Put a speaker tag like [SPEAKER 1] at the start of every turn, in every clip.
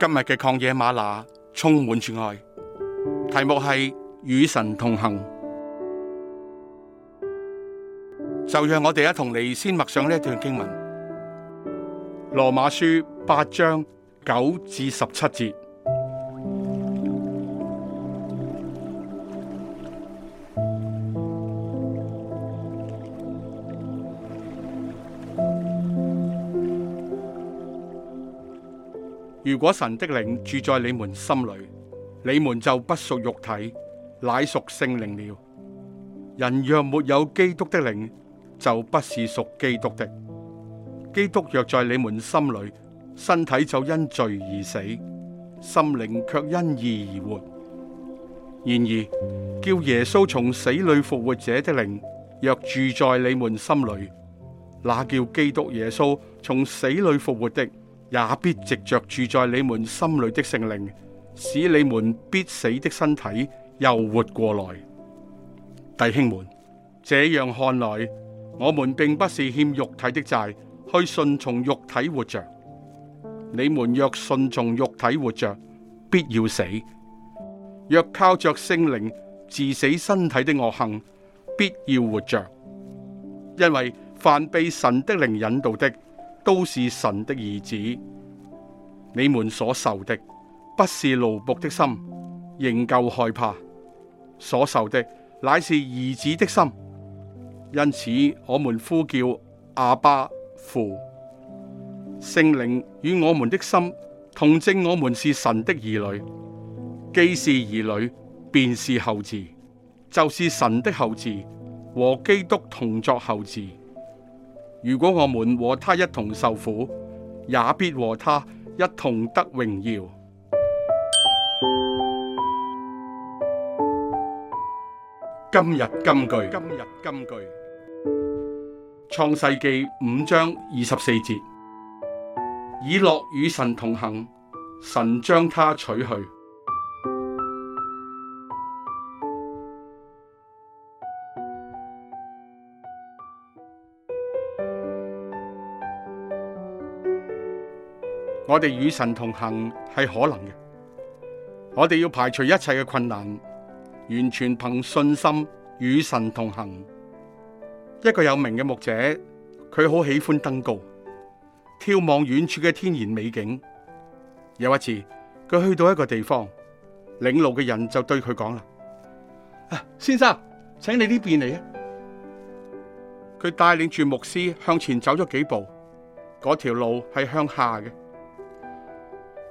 [SPEAKER 1] 今日嘅曠野嗎哪充滿住愛，題目係與神同行。就讓我哋一同嚟先默上呢段經文，《羅馬書》八章九至十七節。如果神的靈住在你們心裏，你們就不屬肉體，乃屬聖靈了。人若沒有基督的靈，就不是屬基督的。基督若在你們心裏，身體就因罪而死，心靈卻因義而活。然而，叫耶穌從死裏復活者的靈，若住在你們心裏，那叫基督耶穌從死裏復活的。也必藉着住在你們心裏的聖靈，使你們必死的身體又活過來。弟兄們，這樣看來，我們並不是欠肉體的債，去順從肉體活着。你們若順從肉體活着，必要死；若靠着聖靈治死身體的惡行，必要活着。因為凡被神的靈引導的，都是神的兒子，你們所受的不是奴僕的心，仍舊害怕；所受的乃是兒子的心，因此我們呼叫阿爸父。聖靈與我們的心同證。我們是神的兒女。既是兒女，便是後嗣，就是神的後嗣，和基督同作後嗣。如果我們和他一同受苦，也必和他一同得榮耀。今日金句，今日金句，創世記五章二十四節，以諾與神同行，神將他取去。我哋與神同行係可能嘅。我哋要排除一切嘅困難，完全憑信心與神同行。一個有名嘅牧者，佢好喜歡登高，眺望遠處嘅天然美景。有一次，佢去到一個地方，領路嘅人就對佢講啦：先生，請你呢邊嚟啊！佢帶領住牧師向前走咗幾步，嗰條路係向下嘅。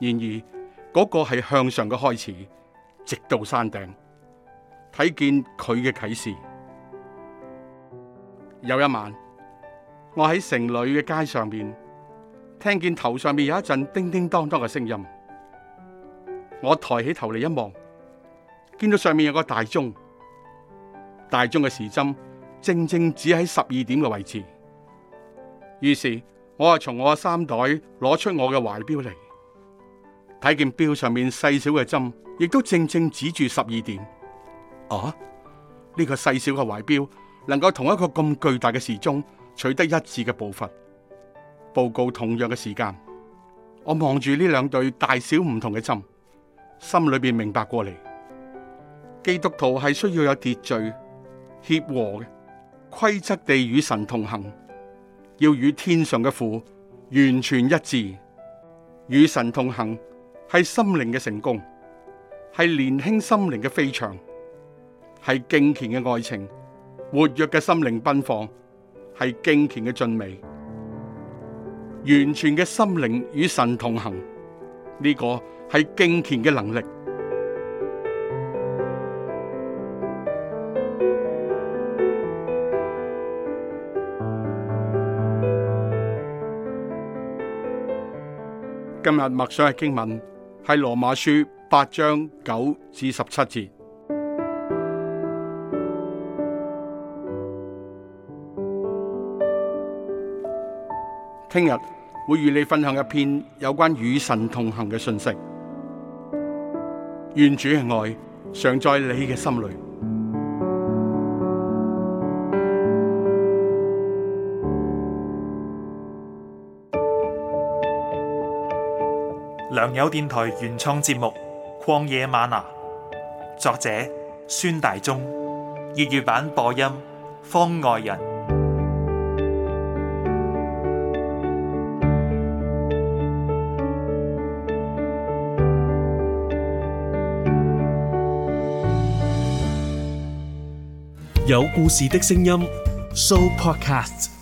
[SPEAKER 1] 然而嗰個係向上嘅開始，直到山頂睇見佢嘅啟示。有一晚，我喺城裏嘅街上面，聽見頭上面有一陣叮叮噹噹嘅聲音。我抬起頭嚟一望，見到上面有個大鐘，大鐘嘅時針正正只喺十二點嘅位置。於是，我就從我嘅衫袋攞出我嘅懷表嚟。睇見表上面細小嘅針，亦都正正指住十二點啊！呢個細小嘅懷錶能夠同一個咁巨大嘅時鐘取得一致嘅步伐，報告同樣嘅時間。我望住呢兩對大小唔同嘅針，心裏面明白過嚟，基督徒係需要有秩序、協和嘅規則地與神同行，要與天上嘅父完全一致，與神同行。係心靈嘅成功，係年輕心靈嘅飛翔，係敬虔嘅愛情，活躍嘅心靈奔放，係敬虔嘅俊美，完全嘅心靈與神同行。呢個係敬虔嘅能力。今日默想嘅經文。係羅馬書八章九至十七節。聽日會與你分享一篇有關與神同行嘅信息。願主嘅愛常在你嘅心裏。良友電台原創節目《曠野嗎哪》，作者孫大中，粵語版播音方外人，有故事的聲音，So Podcast。